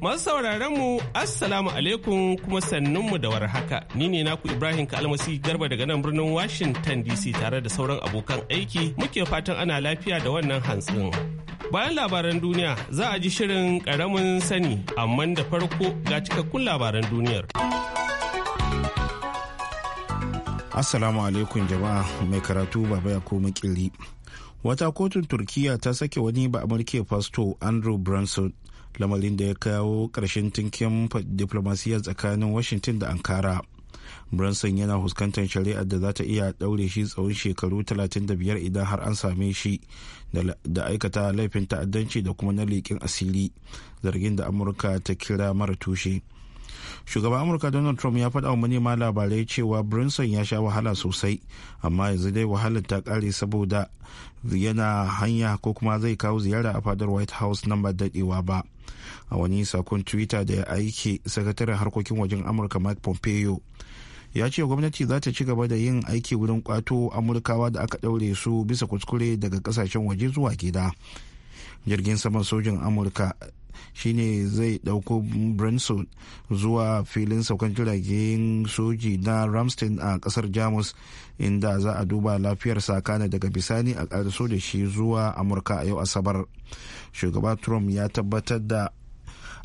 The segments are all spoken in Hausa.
Masu sauraron mu Assalamu alaikum kuma sannun mu da warhaka. Ni ne naku Ibrahim Kalmasi Garba daga nan birnin Washington DC tare da sauran abokan aiki muke fatan ana lafiya da wannan hantsin. Bayan labaran duniya za a ji shirin karamin sani amma da farko ga cikakkun labaran duniyar. Assalamu alaikum jama'a mai karatu baba ya ko makili. Wata kotun Turkiya ta sake wani ba Amurke fasto Andrew Branson lamarin da ya kawo ƙarshen tinkin diplomasiyya tsakanin washington da ankara branson yana fuskantar shari'ar da za ta iya ɗaure shi tsawon shekaru 35 idan har an same shi da aikata laifin ta'addanci da kuma na leƙin asiri zargin da amurka ta kira mara tushe shugaban amurka donald trump ya faɗa wa manema labarai cewa brinson ya sha wahala sosai amma yanzu dai wahalar ta ƙare saboda yana hanya ko kuma zai kawo ziyara a fadar white house nan ba daɗewa ba a wani sakon twitter da ya aiki sakataren harkokin wajen amurka mike pompeo ya ce gwamnati za ta ci gaba da yin aiki wurin kwato amurkawa da aka ɗaure su bisa kuskure daga kasashen waje zuwa gida jirgin saman sojin amurka shine zai dauko branson zuwa filin saukan jiragen soji na ramstein a kasar jamus inda za a duba lafiyar sakana daga bisani a karso da shi zuwa amurka a yau asabar shugaba trump ya tabbatar da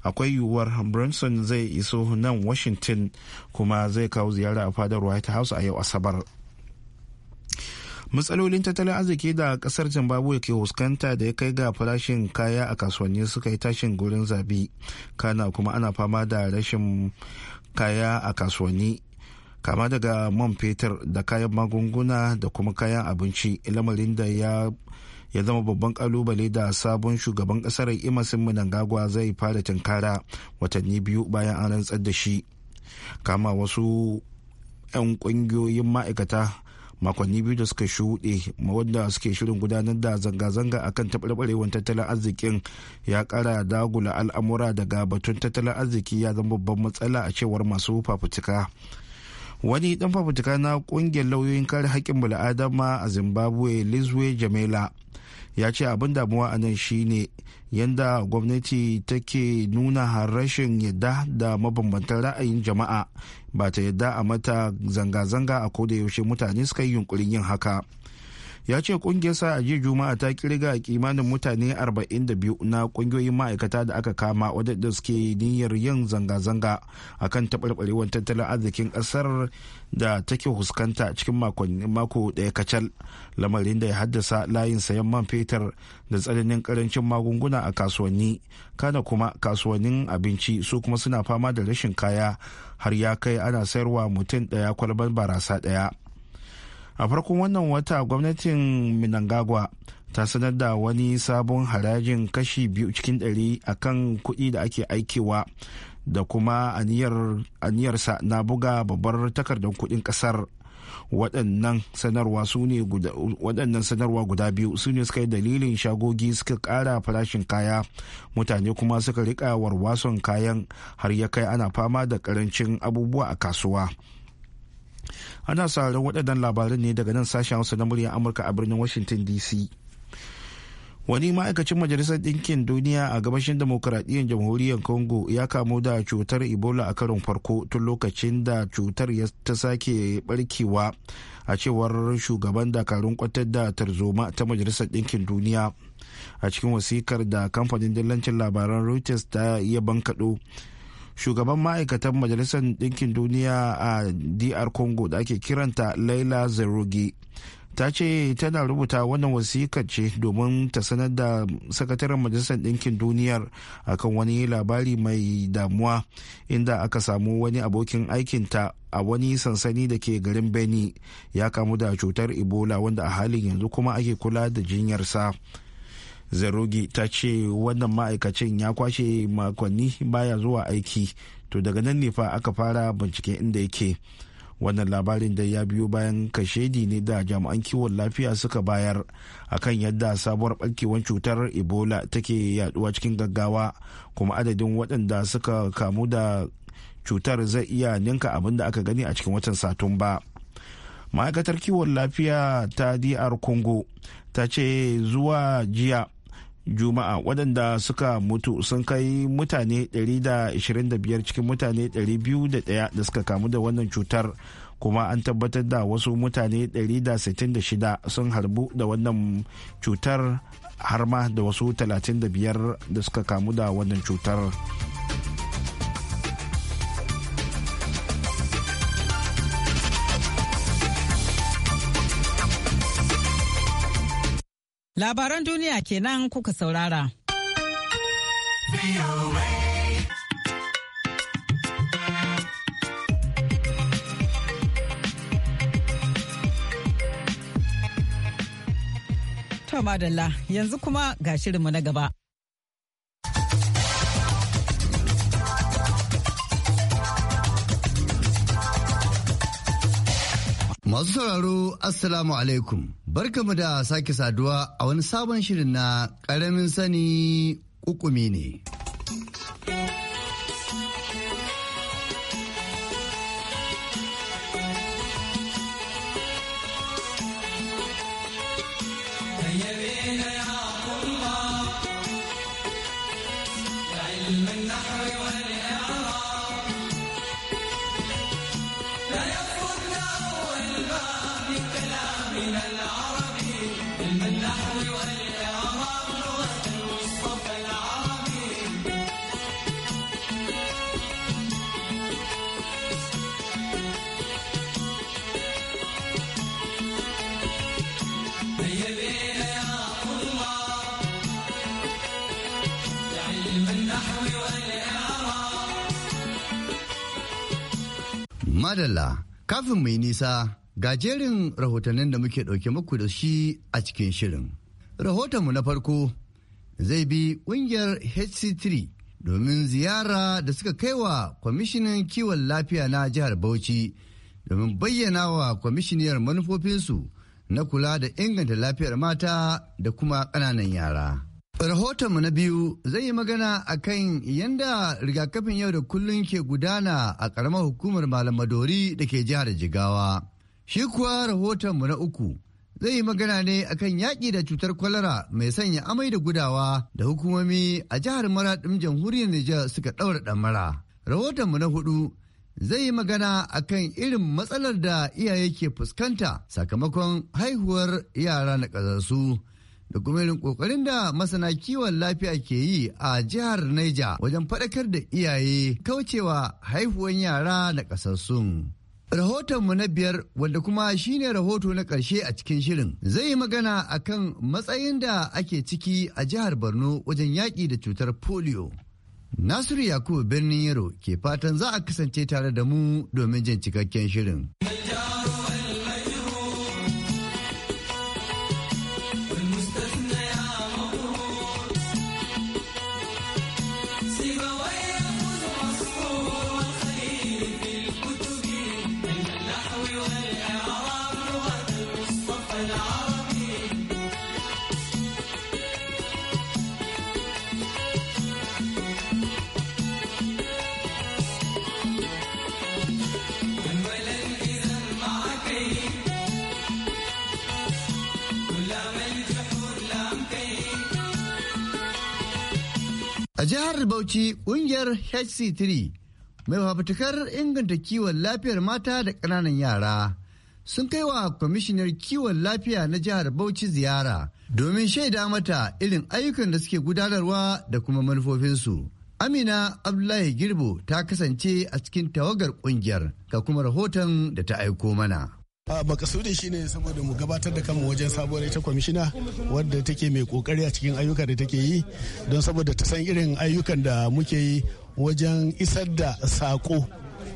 akwai yiwuwar branson zai iso nan washington kuma zai kawo ziyara a fadar white house a yau asabar matsalolin tattalin arziki da kasar zimbabwe ke fuskanta da ya kai ga farashin kaya a kasuwanni suka yi tashin gurin zabi kana kuma ana fama da rashin kaya a kasuwanni kama daga man fetur da kayan magunguna da kuma kayan abinci lamarin da ya ya zama babban kalubale da sabon shugaban kasar imasin munangagwa zai fara tunkara watanni biyu bayan an rantsar da shi kama wasu 'yan ƙungiyoyin ma'aikata makonni biyu da suka shuɗe wadda suke shirin gudanar da zanga-zanga akan taɓarɓarewar tattalin arzikin ya ƙara dagula al'amura daga batun tattalin arziki ya zama babban matsala a cewar masu fafutuka wani dan fafutuka na ƙungiyar lauyoyin kare haƙƙin bala'adama a zimbabwe lizwe jamila. ya ce abin damuwa a nan shine yadda gwamnati take nuna rashin yadda da mabambantan ra'ayin jama'a ba ta yadda a mata zanga-zanga a koda yaushe mutane suka yi yunkurin yin haka ya ce kungiyarsa a jiya juma'a ta kirga kimanin mutane 42 na kungiyoyin ma'aikata da aka kama wadanda suke niyyar yin zanga-zanga a kan taɓarɓarewar tattalin arzikin ƙasar da take huskanta cikin mako ɗaya kacal lamarin da ya haddasa layin sayan man fetur da tsananin ƙarancin magunguna a kasuwanni kana kuma kasuwannin abinci su kuma suna fama da rashin kaya har ya kai ana sayarwa mutum ɗaya kwalban barasa ɗaya a farkon wannan wata gwamnatin minangagwa ta sanar da wani sabon harajin kashi biyu cikin ɗari a kan kuɗi da ake aikewa da kuma aniyarsa na buga babbar takardar kuɗin ƙasar waɗannan sanarwa su ne waɗannan sanarwa guda biyu su ne suka yi dalilin shagogi suka ƙara farashin kaya mutane kuma suka riƙa warwason kayan har ya kai ana fama da ƙarancin abubuwa a kasuwa ana sauraron waɗannan labaran ne daga nan sashen hausa na muryar amurka a birnin washington dc wani ma'aikacin majalisar ɗinkin duniya a gabashin demokuraɗiyyar jamhuriyar congo ya kamu da cutar ebola a karon farko tun lokacin da cutar ta sake barkewa a cewar shugaban dakarun kwatar da tarzoma ta majalisar ɗinkin duniya a cikin wasikar da kamfanin dillancin labaran reuters ta iya bankaɗo shugaban ma'aikatan majalisar ɗinkin duniya a dr congo da ake kiranta laila zerugi ta ce tana rubuta wannan wasiƙa ce domin ta sanar da sakataren majalisar ɗinkin duniyar akan wani labari mai damuwa inda aka samu wani abokin aikinta a wani sansani da ke garin beni ya kamu da cutar ebola wanda a halin yanzu kuma ake kula da jinyarsa. sa zarogi ta ce wannan ma'aikacin ya kwashe makonni baya zuwa aiki to daga nan ne fa aka fara bincike inda yake wannan labarin da ya biyo bayan kashedi ne da jami'an kiwon lafiya suka bayar akan yadda sabuwar barkewar cutar ebola take yaduwa cikin gaggawa kuma adadin waɗanda suka kamu da cutar zai iya ninka abin da aka gani a cikin watan satumba ma'aikatar kiwon lafiya ta dr congo ta ce zuwa jiya juma'a waɗanda suka mutu sun kai mutane 125 cikin mutane 201 da suka kamu da wannan cutar kuma an tabbatar da wasu mutane 166 sun harbu da wannan cutar har ma da wasu 35 da suka kamu da wannan cutar. Labaran duniya kenan kuka saurara. To madalla yanzu kuma ga shirinmu na gaba. Masu sauraro Assalamu alaikum, barkamu da sake saduwa a wani sabon shirin na ƙaramin sani ƙuƙumi ne. adalla kafin mai nisa ga jerin rahotannin da muke ɗauke muku da shi a cikin shirin. Rahotonmu na farko zai bi ƙungiyar HC3 domin ziyara da suka kai wa kwamishinan kiwon lafiya na jihar Bauchi domin bayyana wa kwamishiniyar manufofinsu na kula da inganta lafiyar mata da kuma ƙananan yara. Rahotonmu na biyu zai yi magana a kan yadda rigakafin yau da kullum ke gudana a ƙaramar hukumar Malam Madori da ke jihar Jigawa. Shi kuwa rahotonmu na uku zai yi magana ne a kan yaƙi da cutar kwalara mai sanya amai da gudawa da hukumomi a jihar Mara Maraɗin jamhuriyar Nijar suka ɗaura ɗamara. Rahotonmu na hudu zai yi magana a kan irin matsalar da iyaye ke fuskanta sakamakon haihuwar yara na ƙazarsu. da kuma irin kokarin da masana kiwon lafiya ke yi a jihar Niger wajen faɗakar da iyaye kaucewa haihuwan yara da rahoton Rahotonmu na biyar wanda kuma shine rahoto na ƙarshe a cikin shirin zai yi magana akan matsayin da ake ciki a jihar Borno wajen yaƙi da cutar polio. Nasiru Yakubu Birnin yero ke fatan za a kasance tare da mu domin jin cikakken shirin. jihar Bauchi ƙungiyar HC3 mai fafutukar inganta kiwon lafiyar mata da ƙananan yara sun kai wa kwamishinar kiwon lafiya na jihar Bauchi ziyara domin shaida mata irin ayyukan da suke gudanarwa da kuma manufofinsu. Amina Abdullahi Girbo ta kasance a cikin tawagar ƙungiyar ga kuma rahoton da ta aiko mana. makasudi ne saboda mu gabatar da kama wajen sabuwar ita kwamishina wadda take mai kokari a cikin ayyuka da take yi don saboda ta san irin ayyukan da muke yi wajen isar da sako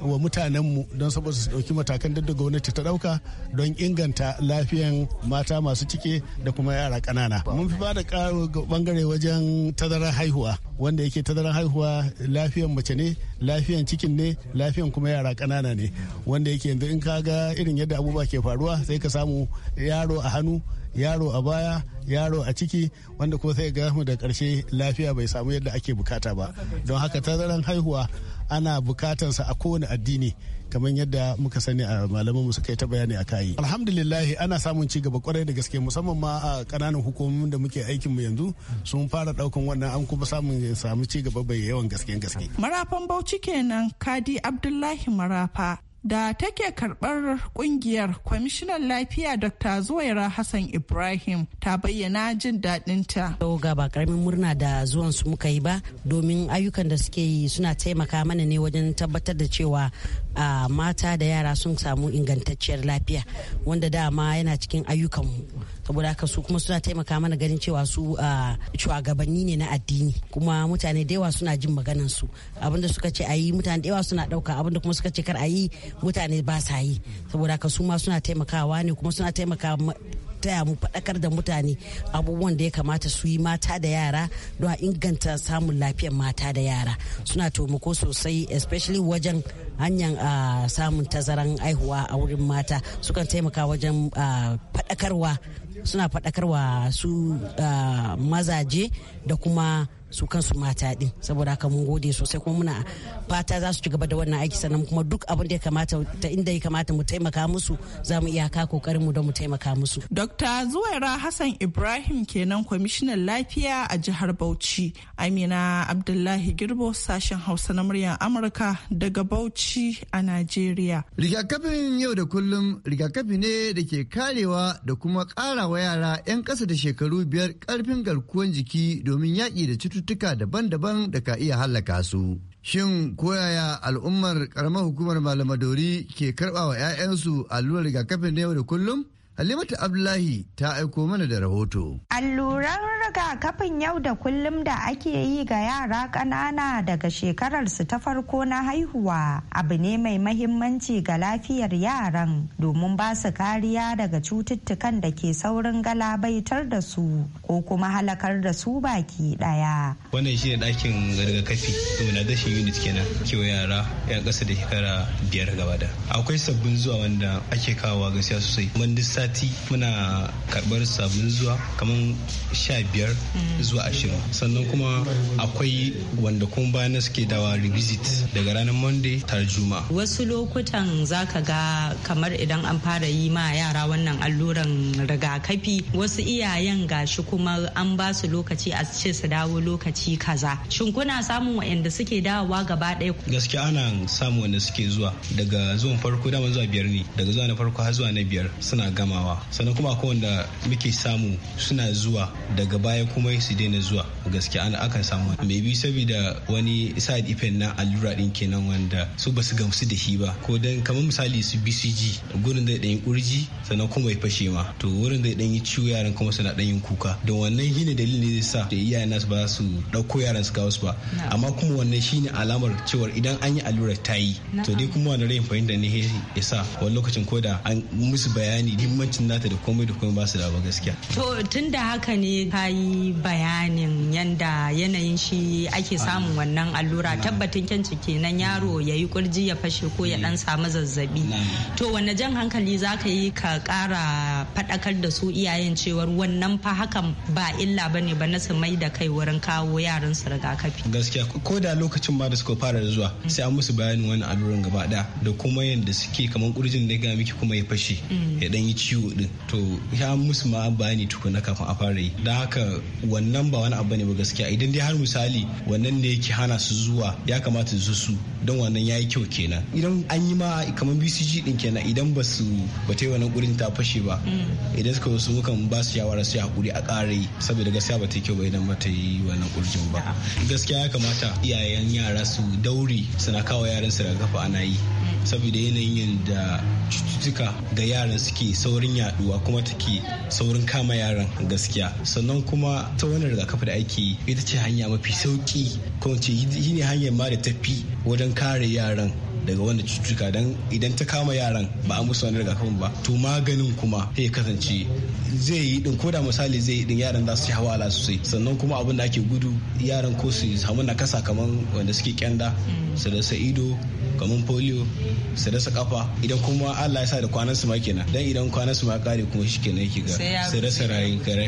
wa mutanenmu don saboda su ɗauki matakan da gwamnati ta ɗauka don inganta lafiyan mata masu cike da kuma yara kanana Mun fi ga bangare wajen tazarar haihuwa wanda yake tazarar haihuwa lafiyan mace ne lafiyan cikin ne lafiyan kuma yara kanana ne wanda yake yanzu in ka ga irin yadda abubuwa ke faruwa sai ka samu yaro a hannu yaro a baya yaro a ciki wanda kuma sai ga mu da karshe lafiya bai samu yadda ake bukata ba don haka tazaran haihuwa ana bukatansa a kowane addini kamar yadda muka sani a malaman mu suka yi ta bayani a kayi alhamdulillahi ana samun ci gaba kwarai da gaske musamman ma a kananan hukumomin da muke aikin mu yanzu sun fara daukan wannan an kuma samun samu ci gaba bai yawan gaske gaske marafan bauchi kenan kadi abdullahi marafa da take karbar kungiyar kwamishinan lafiya dr zuwaira hassan ibrahim ta bayyana jin daɗinta. yau ga ba karamin murna da zuwan su muka yi ba domin ayyukan da suke yi suna taimaka mana ne wajen tabbatar da cewa mata da yara sun samu ingantacciyar lafiya wanda dama yana cikin ayyukanmu saboda haka su kuma suna taimaka mana ganin cewa su ah, shugabanni ne na addini kuma mutane da yawa suna jin maganan su abinda suka ce ayi mutane da yawa suna dauka abinda kuma suka ce kar ayi mutane ba sa yi saboda haka su ma suna taimakawa ne kuma suna taimaka taya mu faɗakar da mutane abubuwan da ya kamata su yi mata da yara don a inganta samun lafiyar mata da yara suna taimako sosai especially wajen hanyar samun tazaran aihuwa a wurin mata sukan taimaka wajen faɗakarwa suna faɗakarwa su mazaje da kuma su kansu mata din saboda haka mun gode sosai kuma muna fata za su ci gaba da wannan aiki sannan kuma duk abin da ya kamata ta inda ya kamata mu taimaka musu za mu ka kokarin mu don mu taimaka musu Dr. Zuwaira Hassan Ibrahim kenan kwamishinan lafiya a jihar Bauchi Amina Abdullahi Girbo sashen Hausa na muryar Amurka daga Bauchi a Najeriya Rigakafin yau da kullum rigakafi ne da ke karewa da kuma karawa yara 'yan ƙasa da shekaru biyar karfin garkuwar jiki domin yaƙi da cutu cututtuka daban-daban da ka iya hallaka su. Shin koyaya al'ummar karamar hukumar malamadori ke karɓa wa 'ya'yansu allurar rigakafin na yau da kullum? Halimatu Abdullahi ta aiko mana da rahoto. Alluran rigakafin yau da kullum da ake yi ga yara ƙanana daga shekarar su ta farko na haihuwa abu ne mai mahimmanci ga lafiyar yaran domin ba su kariya daga cututtukan da ke saurin galabaitar da su ko kuma halakar da su baki ɗaya. Wannan shi ne ɗakin rigakafi na dashin unit kenan kewa yara 'yan ƙasa da shekara biyar gaba da. Akwai sabbin zuwa wanda ake kawo gaskiya sosai. Mun sati muna karɓar sabbin zuwa kamar sha biyar mm. zuwa ashirin sannan kuma akwai wanda kuma bayan suke dawa revisit daga ranar monday tar juma wasu lokutan zaka ga kamar idan an fara yi ma yara wannan alluran rigakafi wasu iyayen gashi kuma an ba su lokaci a ce su dawo lokaci kaza shin kuna samun suke dawowa gaba ɗaya gaskiya ana samun wanda suke zuwa daga zuwan farko dama zuwa biyar ne daga zuwa na farko har zuwa na biyar suna gama gamawa sannan kuma akwai wanda muke samu suna zuwa daga baya kuma su daina zuwa gaskiya ana akan samu mai bi saboda wani side effect na allura din kenan wanda su basu gamsu da shi ba ko dan kamar misali su BCG gurin da dan kurji sannan kuma ya fashe ma to wurin da dan yi ciwo yaran kuma suna dan yin kuka don wannan shine dalilin da zai sa da iyaye nasu ba su dauko yaran su kawo su ba amma kuma wannan shine alamar cewa idan an yi allura ta yi to dai kuma wannan rayin fahimta ne ya sa wani lokacin ko da an musu bayani muhimmancin nata da komai da komai ba su da ba gaskiya. To tun da haka ne ka yi bayanin yanda yanayin shi ake samun wannan allura tabbatin kyanci kenan yaro ya yi kurji ya fashe ko ya dan mm. samu zazzabi. To wanne jan hankali za ka yi ka kara faɗakar da su iyayen cewar wannan fa hakan ba illa ba ne ba na su mai da kai wurin kawo yaran su rigakafi. Gaskiya ko da lokacin ma da suka fara zuwa mm. sai an musu bayanin wani alluran gaba da kuma yadda suke kamar kurjin da ga miki kuma ya fashe mm. ya dan yi ciwo din to ya musu ma bayani tukuna kafin a fara yi don haka wannan ba wani abu ne ba gaskiya idan dai har misali wannan ne yake hana su zuwa ya kamata su su don wannan ya yi kyau kenan idan an yi ma kamar bcg din kenan idan ba su ba ta yi wannan kurin ta fashe ba mm. idan suka wasu mukan ba su shawara su hakuri a kare yi saboda gaskiya ba ta yi kyau ba idan ba ta yi wannan kurjin ba gaskiya ya kamata iyayen yara su daure suna kawo yaran su daga kafa ana yi mm. saboda yanayin yadda cututtuka ga yaran suke saurin saurin yaduwa kuma take saurin kama yaran gaskiya sannan kuma ta wannan rigakafi da ake yi ita ce hanya mafi sauki ko ce shi ne hanyar ma da tafi wajen kare yaran daga wanda cututtuka don idan ta kama yaran ba a musu wani rigakafin ba to maganin kuma zai kasance zai yi din koda misali zai yi din yaran za su yi hawala sosai sannan kuma abin da ake gudu yaran ko su samu nakasa kamar wanda suke kyanda su da ido kamar polio su rasa kafa idan kuma Allah ya sa da kwanan su ma kenan dan idan kwanan su ma kare kuma kenan yake ga su rasa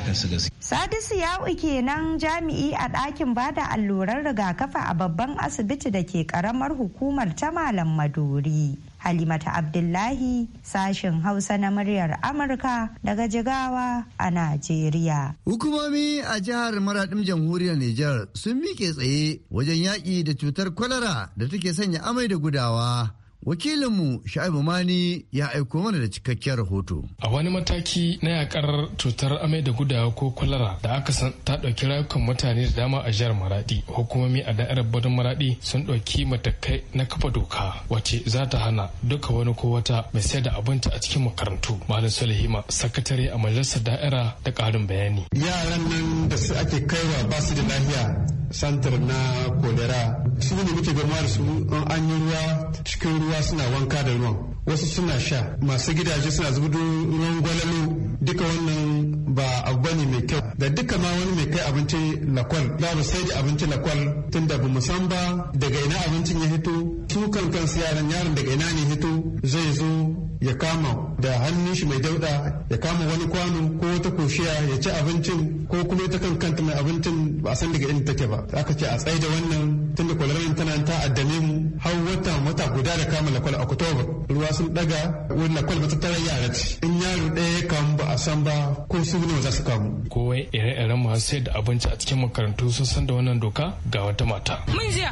kan su gaske Sadisu uke kenan jami'i a ɗakin bada alluran rigakafa a babban asibiti da ke ƙaramar hukumar ta Malam Maduri. Halimata Abdullahi sashen Hausa na muryar Amurka daga Jigawa a Najeriya. Hukumomi a jihar Maraɗin Jamhuriyar Nijar sun miƙe tsaye wajen yaƙi da cutar kwalara da take sanya amai da gudawa. Wakilinmu Sha'ibu Mani ya aiko mana da cikakkiyar rahoto. A wani mataki na yakar cutar amai da gudawa ko kwalara da aka san ta ɗauki rayukan mutane da dama a jihar Maradi. Hukumomi a da'irar Badon Maradi sun ɗauki matakai na kafa doka wacce za ta hana duka wani ko wata mai sayar da abinci a cikin makarantu. Malam Sulihima sakatare a majalisar da'ira da ƙarin bayani. Yaran nan da su ake kaiwa ba su da lafiya santar na kolera su ne muke gama da su an yi ruwa cikin ruwa suna wanka da ruwan wasu suna sha masu gidaje suna zubudu ruwan gwalalu duka wannan ba abu bane mai kyau da duka ma wani mai kai abinci lakwal babu sai da abinci lakwal tun da bamu san ba daga ina abincin ya hito su kan kansu yaran yaran daga ina ne hito zai zo ya kama da hannun shi mai dauda ya kama wani kwano ko wata koshiya ya ci abincin ko kuma ita kan kanta mai abincin ba a san daga inda take ba aka ce a tsaye da wannan tunda kwalarin tana ta addame mu har wata wata guda da kama lakwal a oktoba ruwa sun daga wani lakwal ba ta tara yara ce in yaro ɗaya ya kamu ba a san ba ko su ne za su kamu. ko ire-iren masu sai da abinci a cikin makarantu sun san da wannan doka ga wata mata. mun jiya.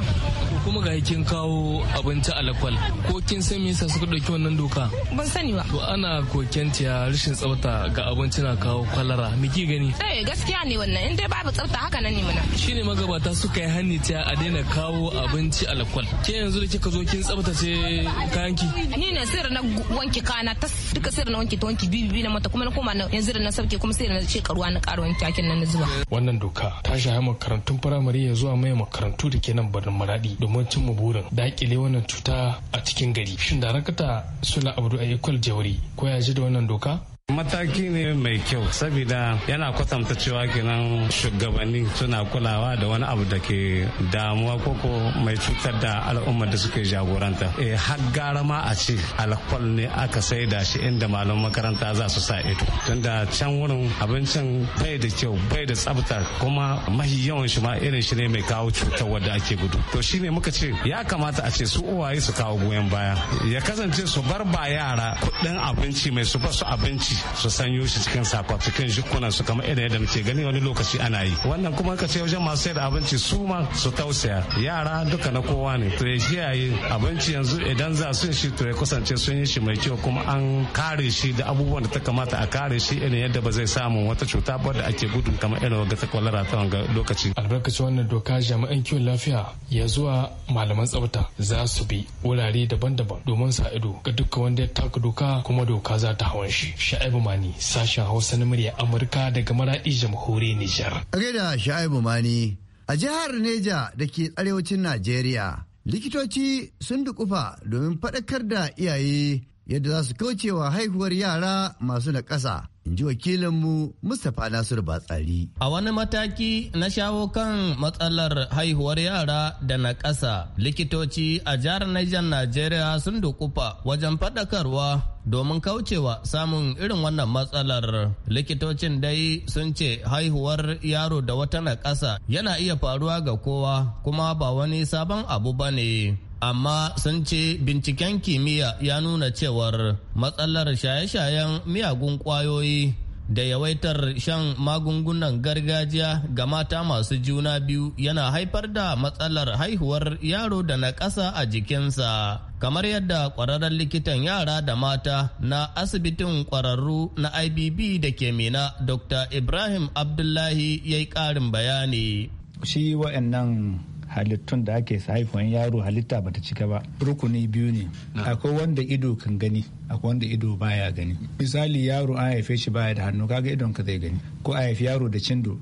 kuma ga kin kawo abinci a lakwal ko kin san me yasa suka ɗauki wannan doka. ban sani ba. To ana koken kokentiya rashin tsafta ga abinci na kawo kwalara miki gani? Eh gaskiya ne wannan in dai babu tsafta haka nan ne Shi ne magabata suka yi hanni ta a daina kawo abinci alkol. Ke yanzu da kika zo kin ce kayanki? Ni ne sir na wanke kana ta duka sir na wanke ta wanke bibi na mata kuma na koma na yanzu da na sauke kuma sai na ce karuwa na karuwan kyakin nan na zuba. Wannan doka ta shaha makarantun firamare ya zuwa mai makarantu da ke nan barin Maradi domin mu burin dakile wannan cuta a cikin gari. Shin darakta Sula Abdu ikul jauri ko ya ji da wannan doka mataki ne mai kyau saboda yana kwatanta cewa kenan shugabanni suna kulawa da wani abu da ke damuwa koko mai cutar da al'umma da suke jagoranta eh har gara ma a ce alkol ne aka sai da shi inda malam makaranta za su sa ido tunda can wurin abincin bai da kyau bai da tsabta kuma mahi yawan shi ma irin shi ne mai kawo cutar wadda ake gudu to shi shine muka ce ya kamata a ce su uwaye su kawo goyon baya ya kasance su bar ba yara kuɗin abinci mai su ba su abinci su sanyo shi cikin sakwa cikin jikuna su kamar irin yadda muke gani wani lokaci ana yi wannan kuma ka ce wajen masu yadda da abinci su ma su tausaya yara duka na kowa ne to ya kiyaye abinci yanzu idan za su shi to ya kasance sun yi shi mai kyau kuma an kare shi da abubuwan da ta kamata a kare shi irin yadda ba zai samu wata cuta ba da ake gudun kamar irin ta kwalara ta wanga lokaci albarkacin wannan doka jami'an kiwon lafiya ya zuwa malaman tsafta za su bi wurare daban-daban domin sa ido ga dukkan wanda ya taka doka kuma doka za ta hawan shi Sha'ibu Mani sashen Hausa na murya Amurka daga maraɗi jamhuriyar Nijar. Reda Sha'ibu Mani a jihar Neja da ke arewacin Najeriya likitoci sun dukufa domin faɗakar da iyaye yadda za su kaucewa haihuwar yara masu na ƙasa. In ji wakilinmu Mustapha Nasiru Batsari. A wani mataki na shawo kan matsalar haihuwar yara da na ƙasa, likitoci a jihar Niger Najeriya sun dukufa wajen faɗakarwa domin kaucewa samun irin wannan matsalar likitocin dai sun ce haihuwar yaro da wata na ƙasa yana iya faruwa ga kowa kuma ba wani sabon abu ba ne amma sun ce binciken kimiyya ya nuna cewar matsalar shaye-shayen miyagun kwayoyi da yawaitar shan magungunan gargajiya ga mata masu juna biyu yana haifar da matsalar haihuwar yaro da na ƙasa a jikinsa kamar yadda ƙwararren likitan yara da mata na asibitin ƙwararru na ibb da ke mina dr ibrahim abdullahi ya yi ƙarin bayani shi wa'annan halittun da ake haifuwan yaro halitta bata cika ba rukuni biyu ne akwai wanda ido kan gani akwai wanda ido baya gani misali yaro an haife shi baya da hannu kaga idon ka zai gani ko a haifi yaro da cindo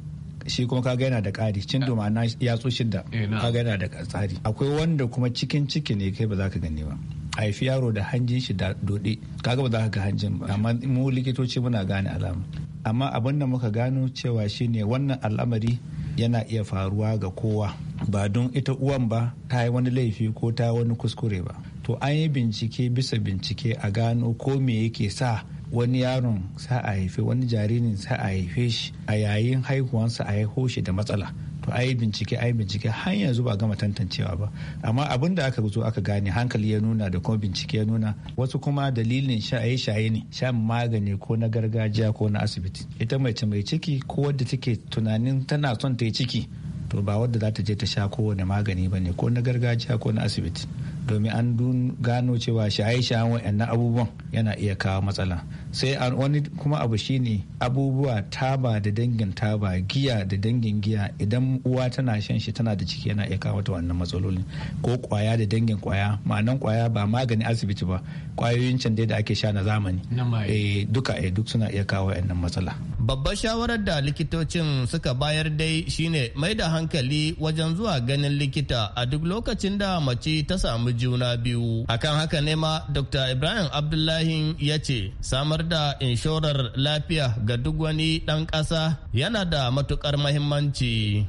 shi kuma kaga yana da ƙari cindo ma'ana yatsu shidda eh, kaga yana da tsari akwai wanda kuma cikin ciki ne kai ba za ka gani ba A haifi yaro da hanjin shi da dode kaga ba za ka ga hanjin ba amma mu likitoci muna gane alama amma abin da muka gano cewa shine wannan al'amari yana iya faruwa ga kowa ba don ita uwan ba ta yi wani laifi ko ta wani kuskure ba to an yi bincike bisa bincike a gano ko me yake sa wani yaron sa a haife wani jaririn sa a haife shi a yayin haihuwansa a haiho shi da matsala a yi bincike a yi bincike har yanzu ba gama tantancewa ba amma abin da aka zo aka gane hankali ya nuna da kuma bincike ya nuna wasu kuma dalilin shaye shaye ne shan magani ko na gargajiya ko na asibiti ita mace mai ciki ko wadda take tunanin tana son ta yi ciki to ba wadda za ta je ta sha kowane magani ba ne ko na gargajiya ko na asibiti domin an gano cewa shaye-shayen na abubuwan yana iya kawo matsala sai wani kuma abu shine abubuwa taba da dangin taba giya da dangin giya idan uwa tana shan shi tana da ciki yana iya kawo ta wannan matsalolin ko kwaya da dangin kwaya ma'anan kwaya ba magani asibiti ba kwayoyin can da ake sha na zamani eh, duka eh duk suna iya kawo wannan matsala babbar shawarar da likitocin suka bayar dai shine mai da hankali wajen zuwa ganin likita a duk lokacin da mace ta samu juna biyu akan haka ne ma dr ibrahim abdullahi ya ce samar da inshorar lafiya ga duk wani ɗan ƙasa yana da matukar mahimmanci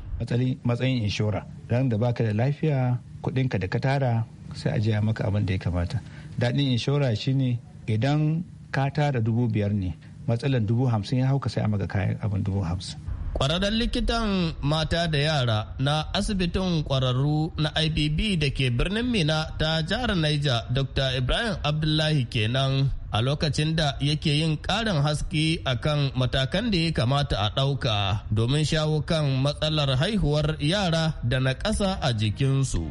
matsayin inshora ran da baka da lafiya kuɗinka da ka tara sai a jiya maka abin da ya kamata daɗin inshora shine idan ka tara dubu biyar ne matsalan dubu hamsin ya hauka sai a maka kayan abin dubu hamsin Kwararren likitan mata da yara na asibitin ƙwararru na IBB da ke birnin Mina ta jihar Niger Dr. Ibrahim Abdullahi kenan a lokacin da yake yin ƙarin haske akan matakan da ya kamata a ɗauka domin shawo kan matsalar haihuwar yara da na ƙasa a jikinsu.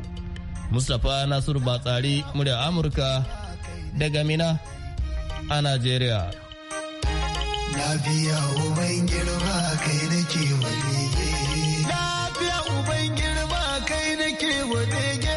Mustapha Nasiru Batsari, murya Amurka daga Mina a Najeriya. Lafiya uban girma kai nake wadege. Lafiya uban girma kai nake wadege.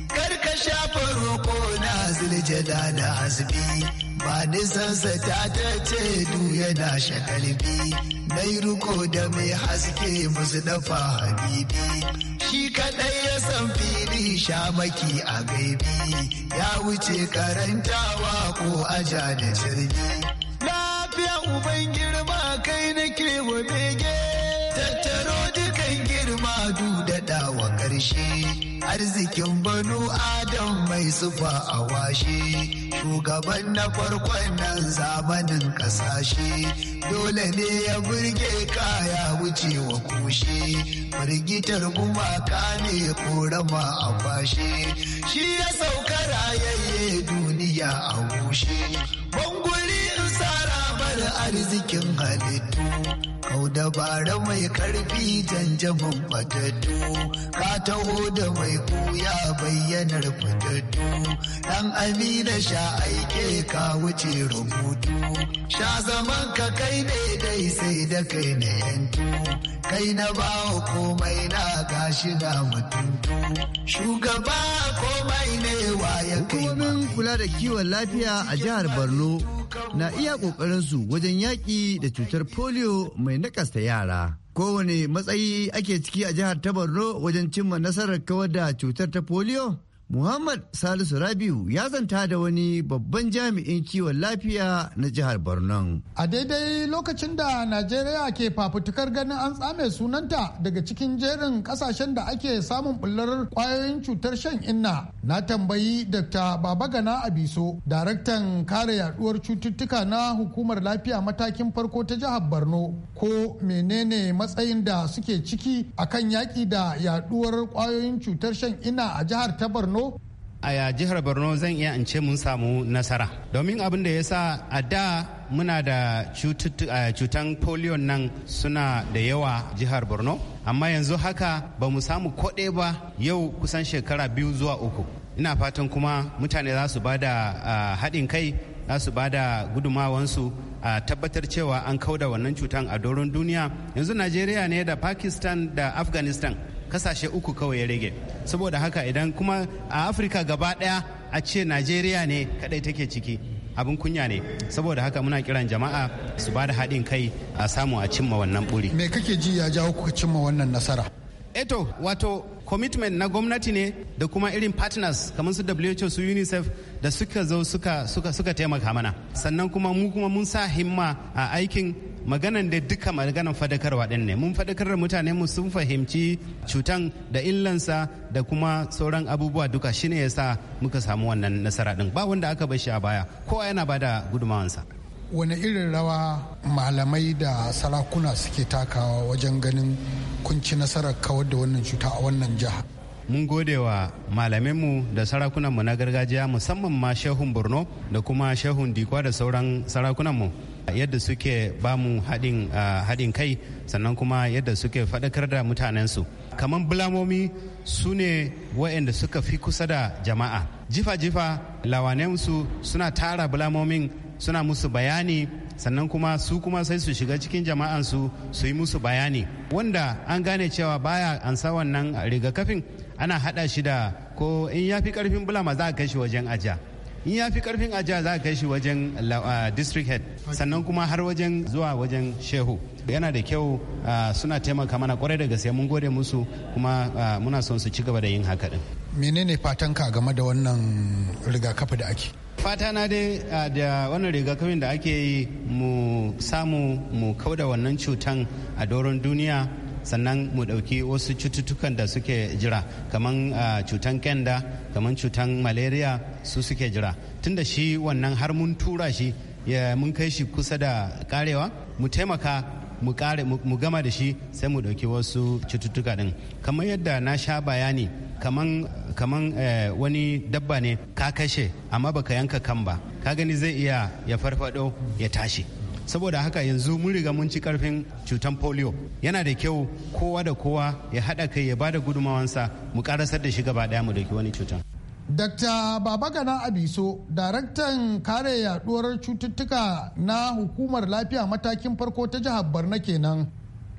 ta shafa roƙo na ziljada da hasbi ba nisansa ta ta ce du yana shakalbi mai ruko da mai haske musu dafa habibi shi kaɗai ya san fili shamaki a gaibi ya wuce karantawa ko aja da jirgi lafiya uban girma kai nake wa bege tattaro dukan girma du daɗawa ƙarshe arzikin banu mai zufa a washe shugaban na farkon nan zamanin kasashe dole ne ya burge kaya wucewa kushe firgitar gumaka ne korama a fashe shi ya sauka rayayye duniya a bushe banguri in sara bar arzikin halittu dabara mai karfi janjamin fatattu ka taho da mai kuya bayyanar fatattu dan amina sha aike ka wuce rubutu sha zaman ka kai ne dai sai da kai na yantu kai na bawa komai na gashi na mutuntu shugaba komai ne wa ya kai kula da kiwon lafiya a jihar borno na iya ƙoƙarinsu wajen yaƙi da cutar polio mai nakasta yara. Kowane matsayi ake ciki a jihar ta Borno wajen cimma nasarar kawar da cutar ta polio? Muhammad Salisu Rabiu ya zanta da wani babban jami'in kiwon lafiya na jihar Borno. A daidai lokacin da Najeriya ke fafutukar ganin an tsame sunanta daga cikin jerin kasashen da ake samun bullar kwayoyin cutar shan inna. Na tambayi Dr. Babagana Abiso, daraktan kare yaduwar cututtuka na hukumar lafiya matakin farko ta jihar Borno, ko menene matsayin da suke ciki akan yaki da yaduwar kwayoyin cutar shan inna a jihar ta Borno farko a jihar borno zan iya ance ce mun samu nasara domin abin da ya sa a da muna da cutan polio nan suna da yawa jihar borno amma yanzu haka ba mu samu koɗe ba yau kusan shekara biyu zuwa uku ina fatan kuma mutane za su ba da haɗin kai za su ba da gudumawansu a tabbatar cewa an kauda wannan cutan a doron duniya yanzu najeriya ne da pakistan da afghanistan kasashe uku kawai ya rage saboda haka idan kuma a afirka gaba daya a ce najeriya ne kadai take ciki abin kunya ne saboda haka muna kiran jama'a su ba da haɗin kai a samu a cimma wannan buri me kake ji ya jawo kuka cimma wannan nasara eto eh wato commitment na gwamnati ne da kuma irin partners kamar su who su unicef da suka zo suka, suka, suka taimaka mana sannan kuma mu kuma mun sa himma a aikin maganan da duka maganan fadakarwa din ne mun fadakar da mutane mu sun fahimci cutan da illansa da kuma sauran abubuwa duka shine yasa muka samu wannan nasara din ba wanda aka bashi a baya kowa yana bada gudumawansa wani irin rawa malamai da sarakuna suke takawa wajen ganin kunci nasarar kawar da wannan cuta a wannan jiha mun gode wa malaminmu da sarakunanmu na gargajiya musamman ma shehun borno da kuma shehun dikwa da sauran sarakunanmu yadda suke bamu haɗin kai sannan kuma yadda suke faɗakar da mutanensu kamar bulamomi su ne waɗanda suka fi kusa da jama'a jifa-jifa lawanensu suna tara bulamomin suna musu bayani sannan kuma su kuma sai su shiga cikin jama'ansu su yi musu bayani wanda an gane cewa baya ansa wannan rigakafin ana haɗa shi da ko in ya fi karfin bulama za a kai shi wajen ajiya in ya fi karfin ajiya za a kai shi wajen district head sannan kuma har wajen zuwa wajen shehu yana da kyau suna taimaka mana kwarai da gaske mun gode musu kuma muna son su ci gaba da yin haka din menene ka game da wannan rigakafi da ake fata na dai da wannan rigakafin da ake yi mu samu mu kauda wannan cutan a doron duniya sannan mu ɗauki wasu cututtukan da suke jira kamar ah, cutan kenda kamar cutan malaria su suke jira tunda shi wannan har mun tura shi mun kai shi kusa da karewa mu taimaka mu kare mu gama da shi sai mu ɗauki wasu cututtuka din kamar yadda na sha bayani kaman eh, wani dabba ne ka kashe amma baka yanka kan ba ka gani zai iya ya farfado ya tashi saboda haka yanzu mun riga mun ci karfin cutan polio yana da kyau kowa da kowa ya haɗa kai ya bada gudumawansa mu karasar da shi gaba daya mu dauki wani cutan Dr. Babagana Abiso, daraktan kare yaduwar cututtuka na hukumar lafiya matakin farko ta jihar Barna kenan.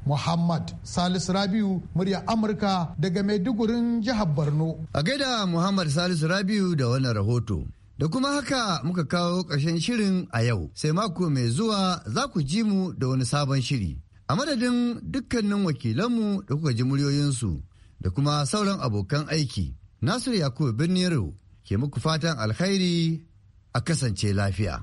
Muhammad Salisu Rabiu murya Amurka daga Maidugurin jihar Borno. A gaida Muhammad Salisu Rabiu da wannan rahoto. Da kuma haka muka kawo ƙarshen shirin a yau, sai mako mai zuwa za ku ji mu da wani sabon shiri. A madadin dukkanin wakilanmu da kuka ji muryoyinsu da kuma sauran abokan aiki, Nasiru Yakubu Birnin ke muku fatan alkhairi a kasance lafiya.